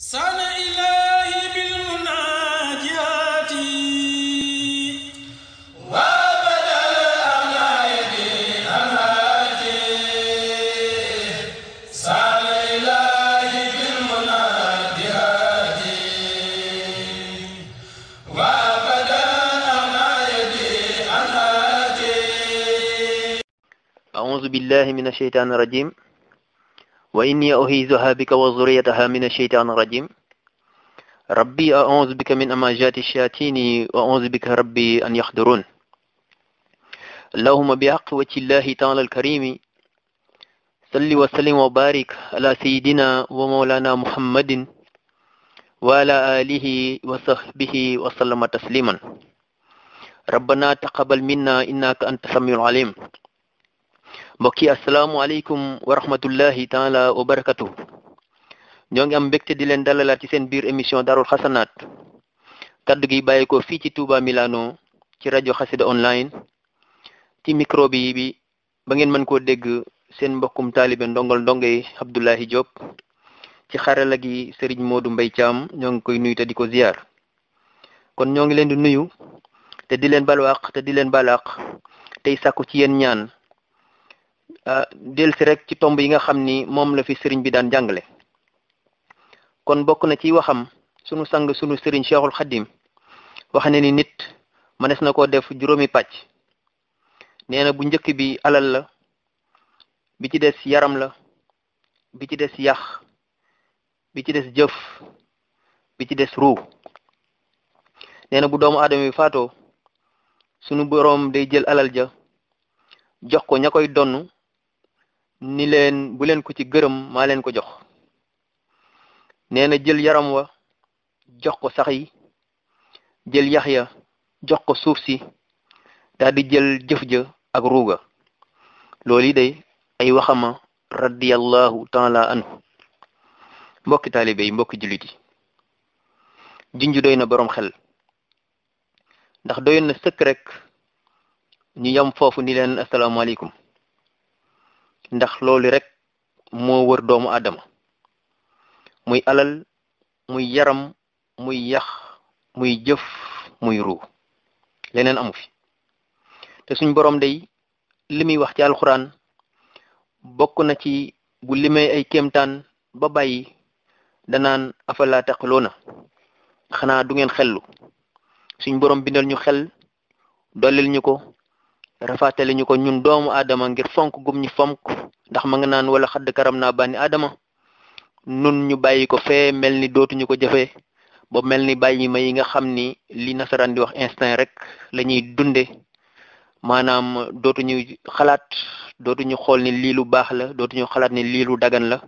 sana ilahi bil munajati wa badal amaydi amati sana ilahi bil munajati wa badal amaydi amati a'udhu billahi minash shaitanir rajim wa inni uhizuha bika wa zurriyataha min ash-shaytani rajim rabbi a'udhu bika min amajati ash-shayatini wa a'udhu bika rabbi an yahdurun allahumma bihaqqi wajhillahi ta'ala al-karimi salli wa sallim wa barik ala sayyidina wa mawlana muhammadin wa ala alihi wa sahbihi wa sallama tasliman rabbana taqabbal minna innaka anta samiul alim mbokk yi asalaamualeykum wa rahmatullahi taala wa ñoo ngi am mbégte di leen dalalaat ci seen biir émission darul xasanaat kaddu gi bàyyi fii ci Touba Milano ci rajo xasida online ci micro yi bi ba ngeen mën koo dégg seen mbokkum taalibe ndongol ndonge Abdoulahi Diop ci xarala gi Serigne Modou Mbaye ñoo ngi koy nuyu te ko ziar kon ñoo ngi leen di nuyu te di leen balwaq di leen balaq tey sàkku ci yéen ñaan Euh, delsi rek ci tomb yi nga xam ni moom la fi sëriñ bi daan jàngale kon bokk na ci waxam sunu sang sunu sëriñ Cheikhul Khadim wax ne ni nit mënees na koo def juróomi pàcc nee na bu njëkk bi alal la bi ci des yaram la bi ci des yax bi ci des jëf bi ci des ruu nee na bu doomu aadama bi faatoo sunu boroom day jël alal ja jox ko ña koy donn ni leen bu leen ko ci gërëm maa leen ko jox nee na jël yaram wa jox ko sax jël yax ya jox ko suuf si daal jël jëf ja ak ruuga lool yi day ay waxama radiyallahu taala anhu mbokki taalibe mbokki jullit yi doy na boroom xel ndax doy na sëkk rek ñu yam foofu ni leen asalaamaaleykum ndax loolu rek moo wër doomu Adama muy alal muy yaram muy yax muy jëf muy ruu leneen amu fi te suñ borom day li muy wax ci alxuraan bokk na ci bu limee ay kéemtaan ba bàyyi danaan afala taqiloona xanaa du ngeen xellu suñ borom bindal ñu xel dollil ñu ko rafaatale ñu ko ñun doomu Adama ngir fonk gum ñu fonk ndax ma nga naan wala xadd karam naa bànni Adama nun ñu bàyyi ko fee mel ni dootuñu ko jëfee ba mel ni bàyyi ma yi nga xam ni li nasaraan di wax instinct rek lañuy ñuy dunde maanaam dootuñu xalaat dootuñu xool ni lii lu baax la dootuñu xalaat ni lii dagan la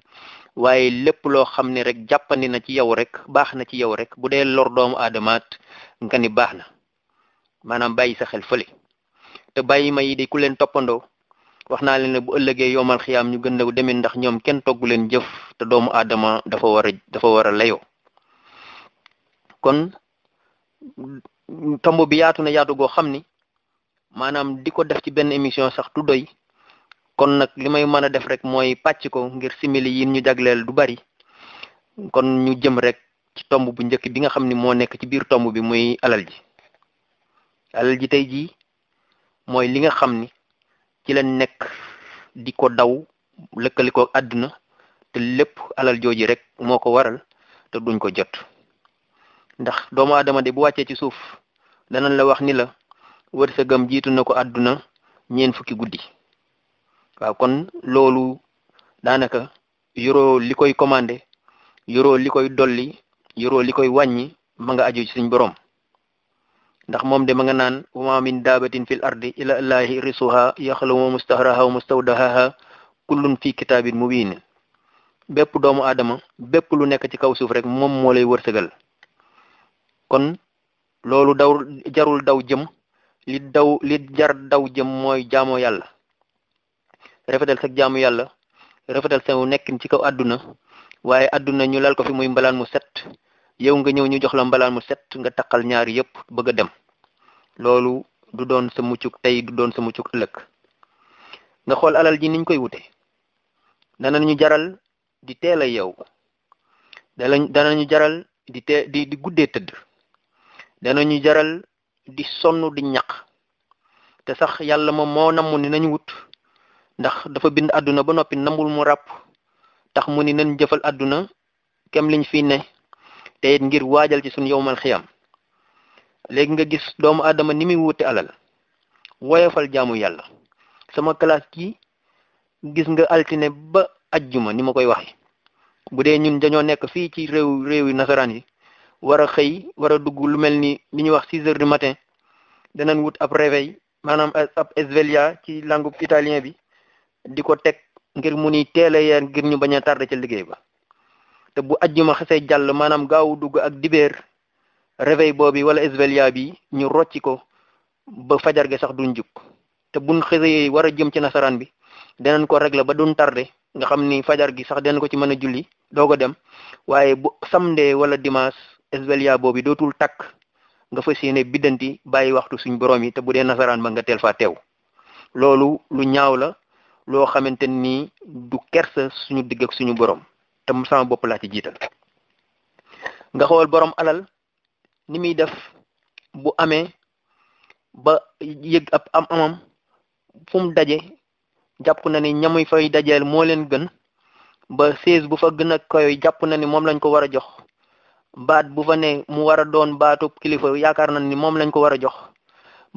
waaye lépp loo xam ne rek jàppandi na ci yow rek baax na ci yow rek bu dee lor doomu aadamaat nga ni baax na maanaam bàyyi sa xel fële te bàyyi ma yi de ku leen toppandoo wax naa leen ne bu ëllëgee yomal xiyaam ñu gën a demee ndax ñoom kenn toggu leen jëf te doomu aadama dafa war a dafa war a layoo kon tomb bi yaatu na yaatu goo xam ni maanaam di ko def ci benn émission sax du doy kon nag li may mën a def rek mooy pàcc ko ngir simili yi ñu jagleel du bari kon ñu jëm rek ci tomb bu njëkk bi nga xam ni moo nekk ci biir tomb bi muy alal ji alal ji tey jii mooy li nga xam ni ci la nekk di ko daw lëkkalikook àdduna te lépp alal jooji rek moo ko waral te duñ ko jot ndax doomu aadama de bu wàccee ci suuf danañ la wax ni la wërsëgam jiitu na ko àdduna ñeen fukki guddi waaw kon loolu daanaka yoroo li koy commandé yoroo li koy dolli yoroo li koy wàññi ma nga aju ci borom ndax moom de ma nga naan wa ma min daabatin fil ardi ila allahi risuha yaxlamu mustahraha wa mustawdahaha kullun fi kitaabin mubin bépp doomu aadama bépp lu nekk ci kaw suuf rek moom moo lay wërsëgal kon loolu daw jarul daw jëm li daw li jar daw jëm mooy jaamoo yàlla rafetal sa jaamu yàlla rafetal sa nekkin ci kaw àdduna waaye àdduna ñu lal ko fi muy mbalaan mu set yow nga ñëw ñu jox la mbalaan mu set nga taqal ñaar yëpp bëgg a dem loolu du doon sa muccuk tey du doon sa muccuk ëllëg nga xool alal ji niñ koy wute ñu jaral di teel a yow ñu jaral di tee di di guddee tëdd danañu jaral di sonn di ñaq te sax yàlla moom moo namm ni nañu wut ndax dafa bind àdduna ba noppi namul mu ràpp tax mu ni nañ jëfal àdduna kem liñ fi ne te ngir waajal ci suñ yowmal xiyam léegi nga gis doomu aadama ni muy wuute alal woyofal jaamu yàlla sama classe gi gis nga altine ba ajjuma ni ma koy waxe bu dee ñun dañoo nekk fii ci réew réewi nasaraan yi war a xëy war a dugg lu mel ni li ñuy wax six heures du matin danañ wut ab réveil maanaam ab esvelia ci langue italien bi di ko teg ngir mu ni teel a yeen ngir ñu bañ a tardé ca liggéey ba te bu ajjuma xasee jàll maanaam gaawu dugg ak dibeer réveil boobi wala esvelia bi ñu rocci ko ba fajar gi sax du jug te buñ xësee war a jëm ci nasaraan bi danañ ko régler ba duñ tardé nga xam ni fajar gi sax danañ ko ci mën a julli doo ko dem waaye bu samedi wala dimanche esvelia boobi dootul takk nga fas yéene biddanti bàyyi waxtu suñ borom yi te bu dee nasaraan ba nga teel faa teew loolu lu ñaaw la loo xamante ni du kersa suñu digg suñu borom. te sama bopp laa ci jiital nga xool boroom alal ni muy def bu amee ba yëg ab am amam fu daje jàpp na ni ñamuy fay dajeel moo leen gën ba sées bu fa gën a koy jàpp na ni moom lañ ko war a jox baat bu fa mu war a doon baatu kilifa yaakaar na ni moom lañ ko war a jox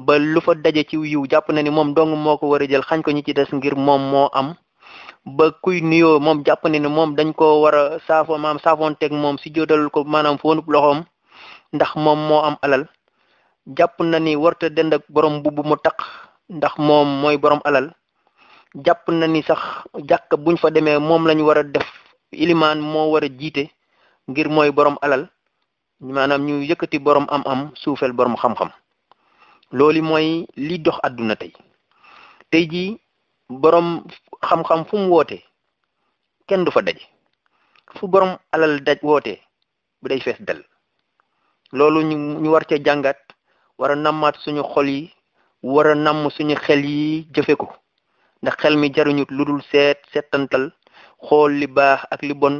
ba lu fa daje ci yiw jàpp na ni moom dong moo ko war a jël xañ ko ñi ci des ngir moom moo am ba kuy nuyoo moom jàpp na ne moom dañ ko war a saafo maam saafoonteeg moom si jóodalul ko maanaam foonub loxoom ndax moom moo am alal jàpp na ni warta dend ak borom mbubb mu taq ndax moom mooy boroom alal jàpp na ni sax jàkka buñ fa demee moom lañu war a def ilimaan moo war a jiite ngir mooy borom alal maanaam ñu yëkkati boroom am-am suufeel borom xam-xam loolu mooy li dox àdduna tey tey jii xam-xam fu woote kenn du fa daje fu borom alal daj woote bi day fees dal loolu ñu ñu war ca jàngat war a nammaat suñu xool yi war a namm suñu xel yi jëfe ko ndax xel mi jaruñut lu dul seet seetantal xool li baax ak li bon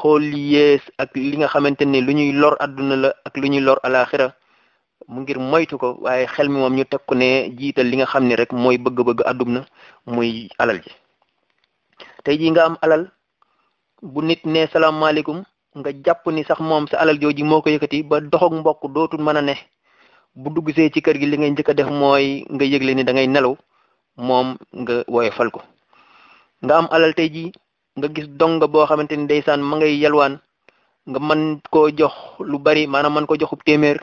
xool li yées ak li nga xamante ne lu ñuy lor àdduna la ak lu ñuy lor alaaxira mu ngir moytu ko waaye xel mi moom ñu teg ko ne jiital li nga xam ne rek mooy bëgg-bëgg na muy alal ji tey jii nga am alal bu nit ne salaamaaleykum nga jàpp ni sax moom sa alal jooju moo ko yëkkati ba doxog mbokk dootul mën a ne bu dugg see ci kër gi li ngay njëkk a def mooy nga yëgle ni da ngay nelaw moom nga wooye fal ko nga am alal tey jii nga gis dong boo xamante ni ndeysaan ma ngay yalwaan nga man ko jox lu bari maanaam mën ko joxu téeméer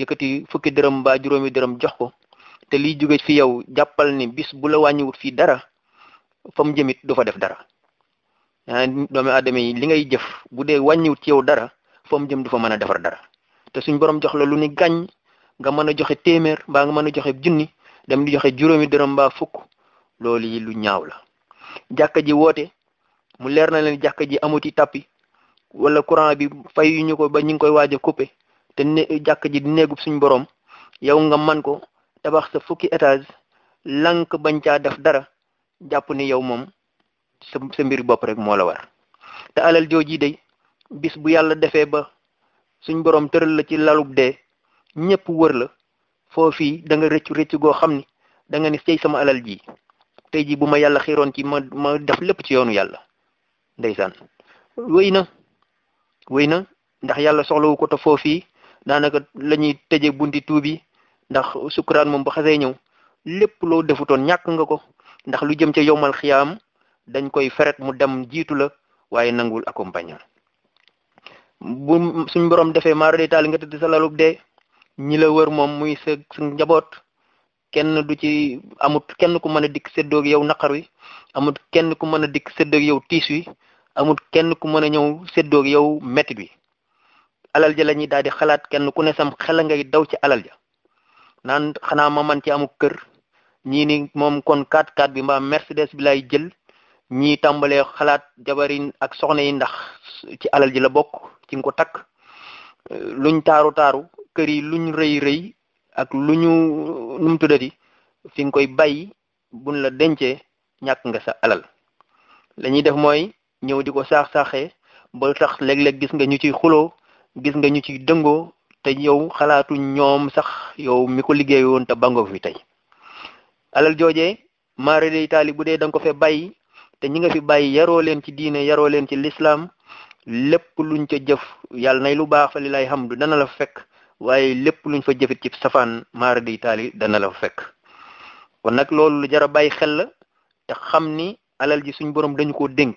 yëkkati fukki dërëm ba juróomi dërëm jox ko te liy jóge fi yow jàppal ni bis bu la wàññiwut fii dara fa mu jëmit du fa def dara ah, doomi aadama yi li ngay jëf bu dee wàññiwut ci dara fa mu jëm du fa mën a defar dara te suñ borom jox la lu ni gàññ nga mën a joxe téeméer mbaa nga mën a joxe junni dem di joxe juróomi dërëm mbaa fukk loolu yi lu ñaaw la jàkka ji woote mu leer na leen jàkka ji amuti tappi wala courant bi fay ñu ko ba ñu ngi koy waaj a te ne ji di néegub suñ borom yow nga man ko tabax sa fukki étage lank bañ caa def dara jàpp ni yow moom sa sa mbir bopp rek moo la war te alal jooji day bis bu yàlla defee ba suñ borom tëral la ci lalub dee ñëpp wër la foofi danga nga rëccu rëccu goo xam ni da nga ni cey sama alal ji tey jii bu ma yàlla xiroon ci ma ma def lépp ci yoonu yàlla ndeysaan wéy na wéy na ndax yàlla soxlawu ko te foofii daanaka lañuy ñuy tëje bunti tuubi ndax sukkuraan moom bu xasee ñëw lépp loo defutoon ñàkk nga ko ndax lu jëm ca yowmal xiyaam dañ koy feret mu dem jiitu la waaye nangul accompagner bu suñ borom defee maara day nga tëdd sa lalub dee ñi la wër moom muy sa sa njaboot kenn du ci amut kenn ku mën a dikk séddoog yow naqar wi amut kenn ku mën a dikk séddoog yow tiis wi amut kenn ku mën a ñëw séddoog yow mettit wi alal ja la ñuy daal di xalaat kenn ku ne sam xel ngay daw ci alal ja naan xanaa ma man ci amuk kër ñii ni moom kon 4-4 bi mbaa Mercedes bi lay jël ñii tàmbalee xalaat jabar yi ak soxna yi ndax ci alal ji la bokk ci nga ko takk euh, luñ taaru taaru kër yi luñ rëy rëy ak lu ñu euh, nu mu tuddati fi nga koy bàyyi buñ la dencee ñàkk nga sa alal la def mooy ñëw di ko saax saaxee boo tax léeg-léeg gis nga ñu ciy xuloo gis nga ñu ciy dëngoo te yow xalaatu ñoom sax yow mi ko woon te bango fi tey. alal joojee maare day taali bu dee da ko fe bàyyi te ñi nga fi bàyyi yaroo leen ci diine yaro leen ci lislaam lépp luñ ca jëf yàlla nay lu baax fa li lay xam du dana la fekk waaye lépp luñ fa jëfit ci safaan maare day taali dana la fekk kon nag loolu lu jar a bàyyi xel la te xam ni alal ji suñ borom dañu koo dénk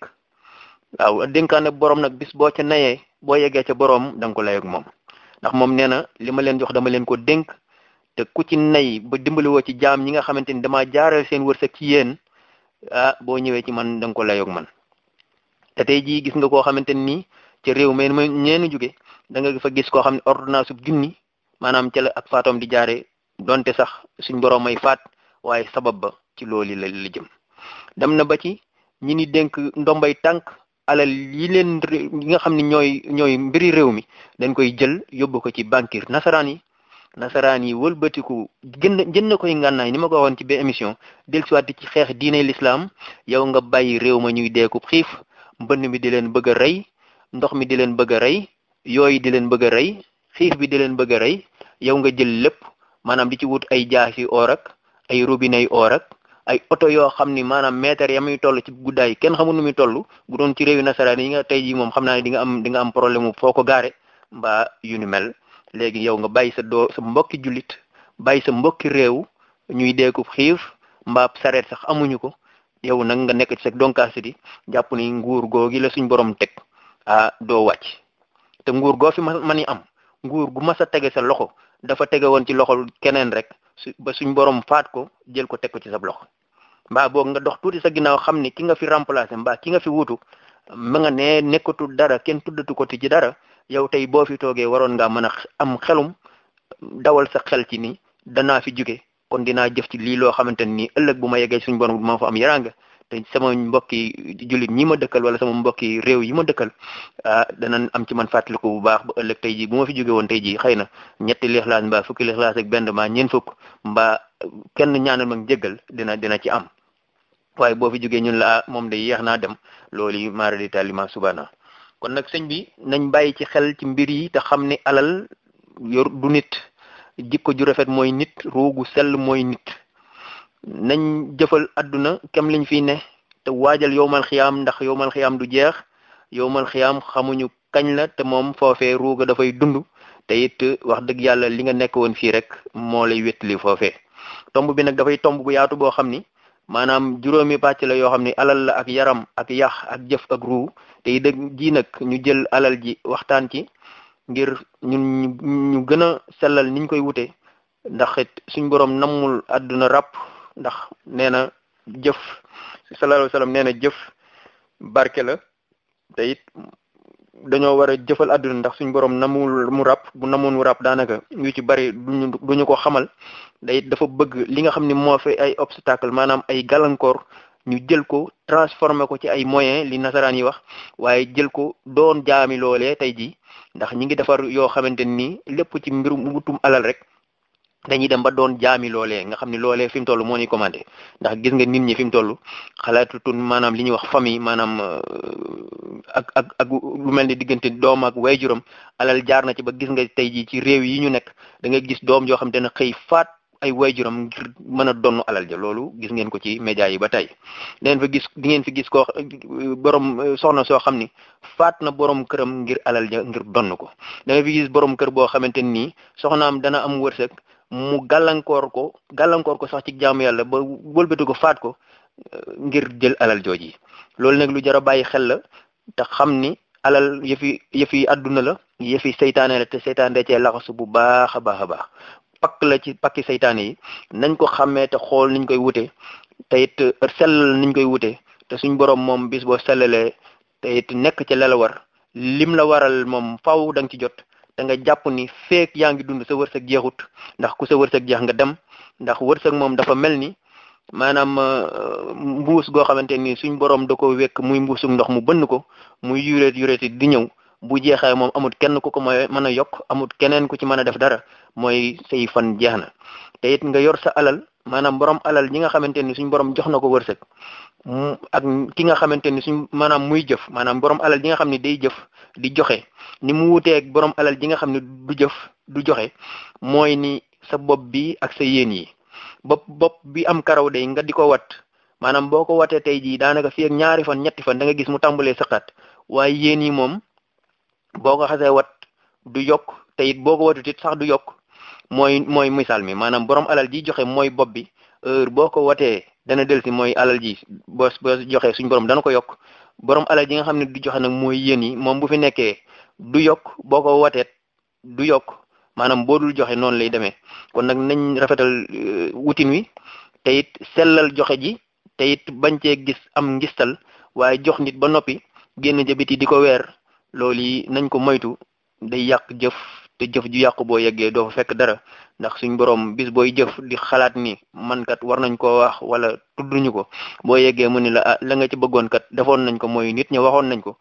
waaw dénkaane borom nag bis boo ca nayee boo yeggee ca borom da nga ko layoog moom ndax moom nee na li ma leen jox dama leen ko dénk te ku ci nay ba dimbaliwoo ci jaam ñi nga xamante ni damaa jaaral seen wërsëg ci yéen a ah, boo ñëwee ci man da nga ko layoog man te tey jii gis nga koo xamante ni ca réew mi ñeenu jóge da nga fa gis koo xam ne ordonnance bu junni maanaam ca la ak faatoom di jaare donte sax suñ borom may faat waaye sabab ba ci loolu la la jëm dem na ba ci ñi ni dénk ndombay tànk alal yi leen yi nga xam ne ñooy ñooy mbiri réew mi dañ koy jël yóbbu ko ci banque nasaraan yi nasaraan yi wëlbatiku jënd jënd koy ngànnaay ni ma ko waxoon ci ba émission del siwaat di ci xeex diine lislaam yow nga bàyyi réew ma ñuy deeku xiif mbënn mi di leen bëgg a rey ndox mi di leen bëgg rey yooyu di leen bëgg a rey xiif bi di leen bëgg rey yow nga jël lépp maanaam di ci wut ay jaasi or ak ay robinet or ak ay oto yoo xam ni maanaam mètre ya muy toll ci guddaay kenn xamul nu muy toll bu doon ci réewi nasaraan yi nga tey jii moom xam naa ne di nga am di am problème mu foo ko gaare mbaa yu ni mel léegi yow nga bàyyi sa doo sa mbokki jullit bàyyi sa mbokki réew ñuy deeku xiif mbaab sareet sax amuñu ko yow nag nga nekk ci sa donkaasi di jàpp ni nguur googi la suñ borom teg ah doo wàcc te nguur goo fi ma ni am nguur gu mas a tege sa loxo dafa tege woon ci loxo keneen rek su ba suñ borom faat ko jël ko teg ko ci sa loxo mbaa boog nga dox tuuti sa ginnaaw xam ne ki nga fi remplacer mbaa ki nga fi wuutu ma nga ne nekkatul dara kenn tuddatu ko ci dara yow tey boo fi toogee waroon ngaa mën a am xelum dawal sax xel ci ni danaa fi jóge kon dinaa jëf ci lii loo xamante ni ëllëg bu ma yeggee suñu borom ma fa am yaranga te sama mbokki jullit ñi ma dëkkal wala sama mbokki réew yi ma dëkkal ah danañ am ci man fàttaliku bu baax ba ëllëg tey jii bu ma fi jóge woon tey jii xëy na ñetti lixlaas mbaa fukki lixlaas ak benn mbaa ñeent fukk mbaa kenn ñaanal ma jéggal dina dina ci am waaye boo fi jógee ñun la ah, moom day yeex naa dem loolu yi maara ma subana kon nag sëñ bi nañ bàyyi ci xel ci mbir yi te xam ni alal yor du nit jikko ju rafet mooy nit rugu sell mooy nit nañ jëfal àdduna kem liñ fiy ne te waajal yowmal xiyaam ndax yowmal xiyaam du jeex yowmal xiyaam xamuñu kañ la te moom foofee ruuga dafay dund te it wax dëgg yàlla li nga nekk woon fii rek moo lay wétali foofee tomb bi nag dafay tomb bu yaatu boo xam ni maanaam juróomi pàcc la yoo xam ne alal la ak yaram ak yax ak jëf ak ruu te it ji nag ñu jël alal ji waxtaan ci ngir ñun ñu gën a sellal niñ koy wute ndax suñ borom nammul àdduna ràpp ndax nee na jëf sallallahu alayhi wasallam nee na jëf barke la te it dañoo war a jëfal àdduna ndax suñ borom namul mu ràpp bu namoon mu ràpp daanaka ngi ci bari duñu duñu ko xamal day dafa bëgg li nga xam ni moo fi ay obstacle maanaam ay gàllankoor ñu jël ko transformé ko ci ay moyen li nasaraan yi wax waaye jël ko doon jaami loolee tey jii ndax ñi ngi defar yoo xamante nii lépp ci mbirum wutum alal rek dañuy dem ba doon jaami loolee nga xam ne loolee fi toll moo ñuy commandé ndax gis nga nit ñi fi mu toll xalaatutun maanaam li ñuy wax famille maanaam euh, ak ak ak lu mel ni diggante doom ak wayjuram alal jaar na ci ba gis nga tey jii ci réew yi ñu nekk da ngay gis doom joo xam dana xëy faat ay wayjuram ngir mën a donn alal ja loolu gis ngeen ko ci média yi ba tey dangeen fa gis di ngeen fi gis ko borom euh, soxna soo xam ni faat na boroom këram ngir alal ja ngir donn ko da fi gis borom kër boo xamante nii soxnaam dana am wërsëg mu gàllankoor ko gàllankoor ko sax ci jaamu yàlla ba wëlbati ko faat ko euh, ngir jël alal jooji loolu nag lu jar a bàyyi xel la te xam ni alal yëfi yëfi àdduna la yëfi seytaane la te seytaan da cee laxasu bu baax a baax a baax pakk la ci pakki seytaane yi nañ ko xàmmee te xool niñ koy wute te it euh, sel niñ koy wute te suñ borom moom bis boo sellalee te it nekk ci la war lim la waral moom faw da nga ci jot da nga jàpp ni feek yaa ngi dund sa wërsëg jeexut ndax ku sa wërsëg jeex nga dem ndax wërsëg moom dafa mel ni maanaam euh, mbuus goo xamante ni suñ borom da ko wekk muy mbuusug ndox mu bënn ko muy yuréet yuréeti di ñëw bu jeexee moom amut kenn ku ko mooy mën a yokk amut keneen ku ci mën a def dara mooy say fan jeex na nga yor sa alal maanaam borom alal ñi nga xamante ni suñ borom jox na ko wërsëg ak ki nga xamante ni suñ maanaam muy jëf maanaam borom alal ji nga xam ne day jëf di joxe ni mu wuteeg borom alal ji nga xam ne du jëf du joxe mooy ni sa bopp bi ak sa yéen yi bopp bopp bi am karaw day nga di ko wat maanaam boo ko watee tey jii daanaka fii ak ñaari fan ñetti fan da nga gis mu tàmbalee sëqat waaye yéen yi moom boo ko xasee wat du yokk te it boo ko watut sax du yokk mooy mooy misaal mi maanaam borom alal ji joxe mooy bopp bi heure boo ko watee dana del si mooy alal ji boo boo joxe suñ borom dana ko yokk borom alal ji nga xam ne du joxe nag mooy yéen yi moom bu fi nekkee du yokk boo ko watee du yokk maanaam boo joxe noonu lay demee kon nag nañ rafetal euh, wutin wi te it sellal joxe ji te it bañ cee gis am ngistal waaye jox nit ba noppi génn jabiti di ko weer loolu yi nañ ko moytu day yàq jëf te jëf ju yàqu boo yeggee doo fa fekk dara ndax suñ borom bis booy jëf di xalaat ni man kat war nañ koo wax wala tudduñu ko boo yeggee mu ni la ah la nga ci bëggoon kat defoon nañ ko mooy nit ñi waxoon nañ ko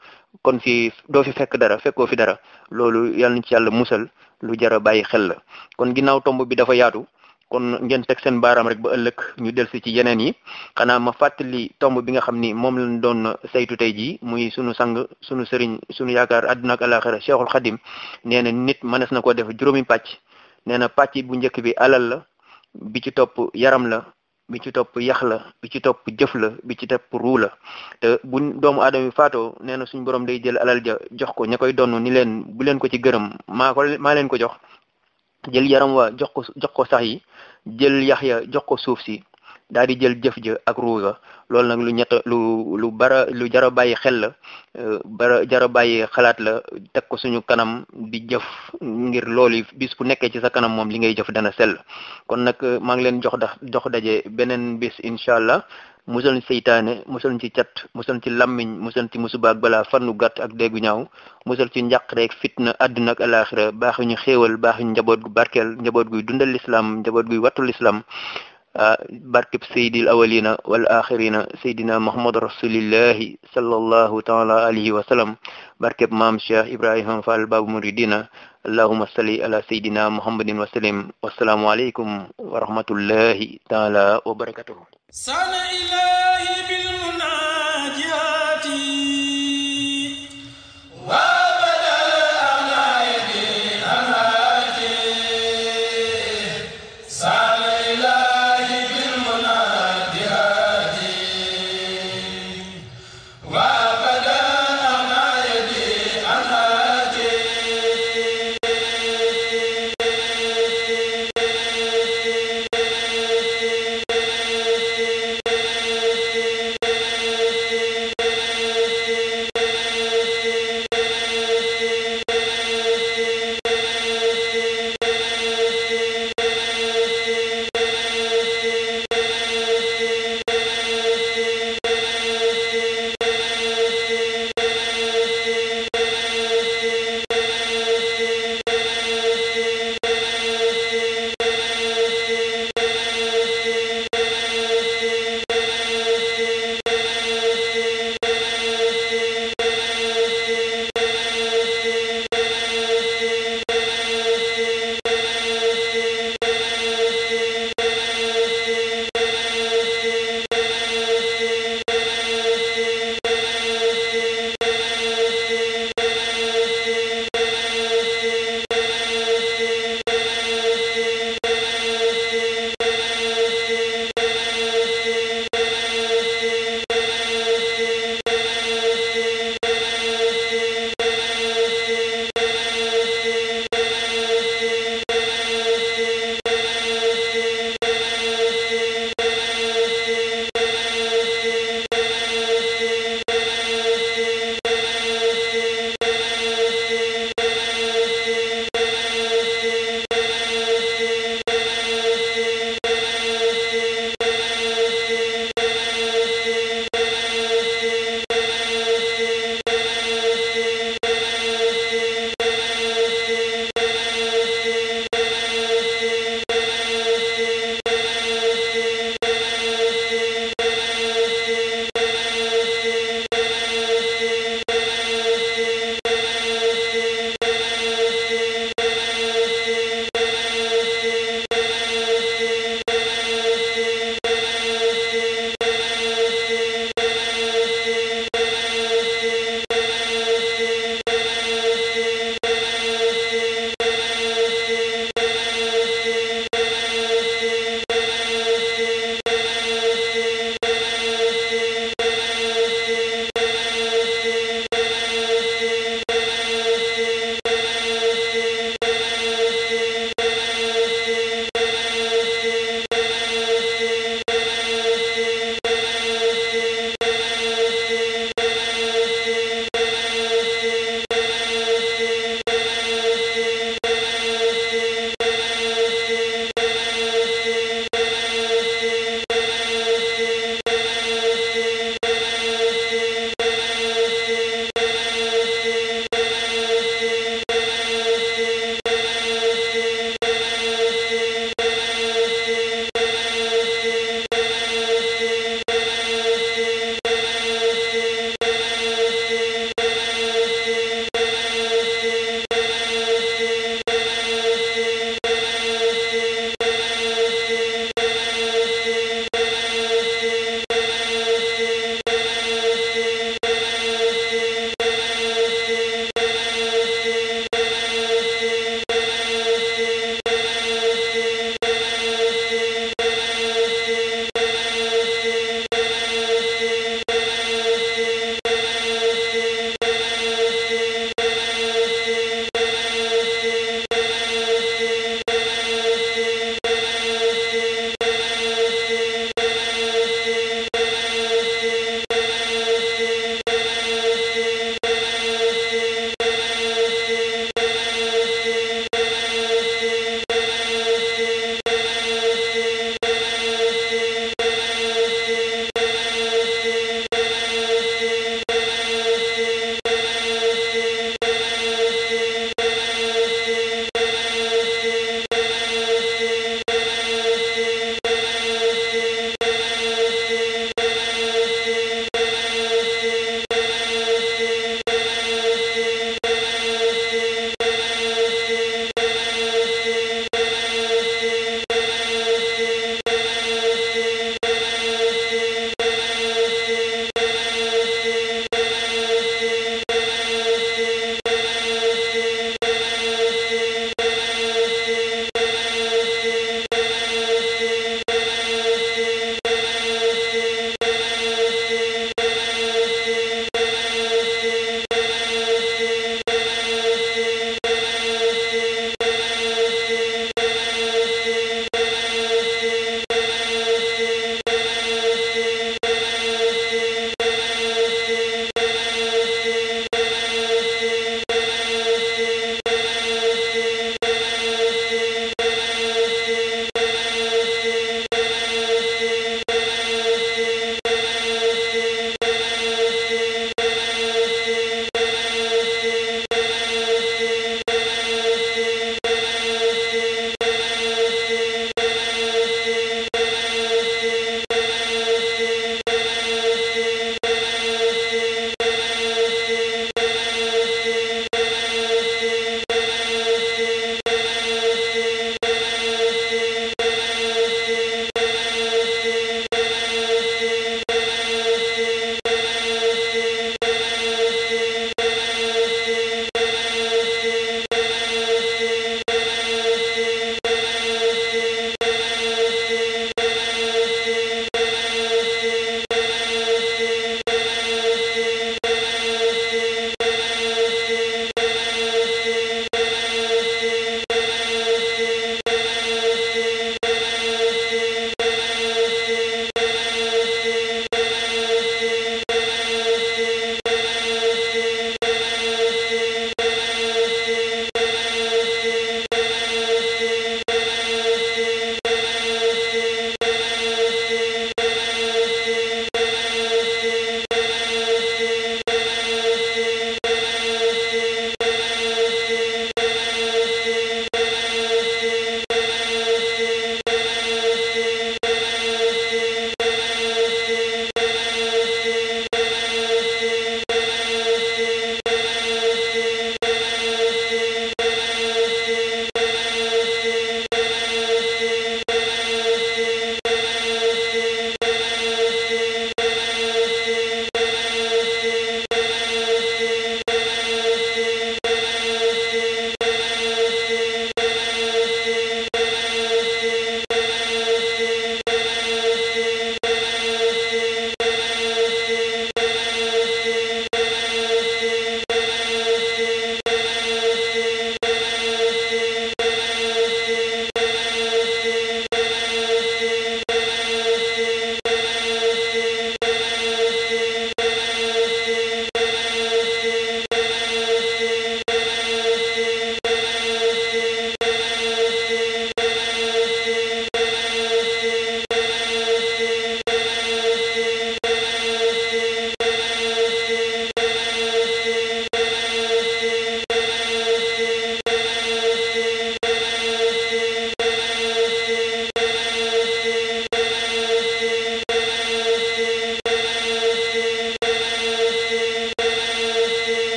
kon fii doo fi fekk dara fekkoo fi dara loolu yàlla na ci yàlla musal lu jara bàyyi xel la kon ginnaaw tomb bi dafa yaatu kon ngeen teg seen baaraam rek ba ëllëg ñu delsi ci yeneen yi xanaa ma fàttali tomb bi nga xam ni moom lañ doon na saytu tey jii muy sunu sang sunu sëriñ sunu yaakaar àdduna ak alaxira cheikhul xadim nee na nit mënees na ko def juróomi pàcc nee na pàcc bu njëkk bi alal la bi ci topp yaram la bi ci topp yax la bi ci topp jëf la bi ci topp ruu la te bu doomu aadama yi faatoo nee na suñu borom day jël alal ja jox ko ña koy donn ni leen bu leen ko ci gërëm maa maa leen ko jox jël yaram wa jox ko jox ko sax yi jël yax ya jox ko suuf si daal di jël jëf ja ak ruuga loolu nag lu ñett lu lu bara lu jara bàyyi xel la euh, bara jara bàyyi xalaat la teg ko suñu kanam di jëf ngir lool yi bis bu nekkee ci sa kanam moom li ngay jëf dana sell kon nag euh, maa ngi leen jox da jox daje beneen bis incha allah musal seytaane musal ci cat musal ñu ci làmmiñ musal ñu ci musuba ak balaa fannu gàtt ak déggu ñaaw musal ci njàq rek fitna àdduna ak alaxira baaxuñu xéewal baaxuñu njaboot gu barkeel njaboot guy dundal lislaam njaboot guy wattu lislaam Ah, barkeb saydil awalina wal axirina saydina muhammad rasulillahi sallallahu taala alayhi wa sallam barkeb maam cheikh ibrahima fall babu muridina allahuma salli ala saydina muhammadin wa sallim wasalaamu aleykum wa rahmatullahi taala wa barakatuhu sana ilahi bil